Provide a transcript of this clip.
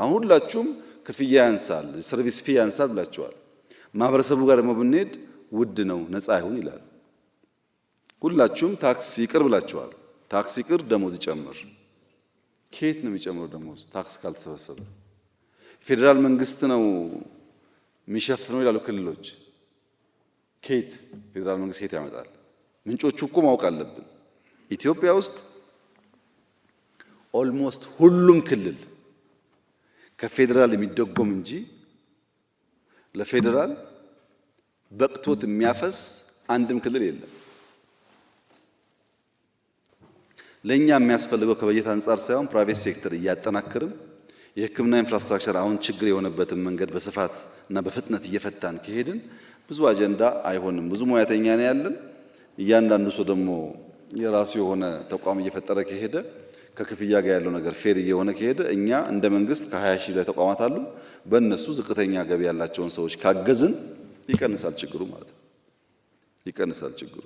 አሁን ሁላችሁም ክፍያ ያንሳል፣ ሰርቪስ ፊ ያንሳል ብላችኋል። ማህበረሰቡ ጋር ደግሞ ብንሄድ ውድ ነው ነፃ አይሁን ይላል። ሁላችሁም ታክስ ይቅር ብላችኋል። ታክስ ይቅር፣ ደሞዝ ይጨምር። ከየት ነው የሚጨምረው ደሞዝ? ታክስ ካልተሰበሰበ ፌዴራል መንግስት ነው የሚሸፍነው ይላሉ ክልሎች። ከየት ፌዴራል መንግስት ከየት ያመጣል? ምንጮቹ እኮ ማወቅ አለብን። ኢትዮጵያ ውስጥ ኦልሞስት ሁሉም ክልል ከፌዴራል የሚደጎም እንጂ ለፌዴራል በቅቶት የሚያፈስ አንድም ክልል የለም። ለእኛ የሚያስፈልገው ከበጀት አንጻር ሳይሆን ፕራይቬት ሴክተር እያጠናክርም የሕክምና ኢንፍራስትራክቸር አሁን ችግር የሆነበትን መንገድ በስፋት እና በፍጥነት እየፈታን ከሄድን ብዙ አጀንዳ አይሆንም። ብዙ ሙያተኛ ነው ያለን። እያንዳንዱ ሰው ደግሞ የራሱ የሆነ ተቋም እየፈጠረ ከሄደ ከክፍያ ጋር ያለው ነገር ፌር እየሆነ ከሄደ እኛ እንደ መንግስት ከ20 ሺህ ላይ ተቋማት አሉ። በእነሱ ዝቅተኛ ገቢ ያላቸውን ሰዎች ካገዝን ይቀንሳል ችግሩ ማለት ነው። ይቀንሳል ችግሩ።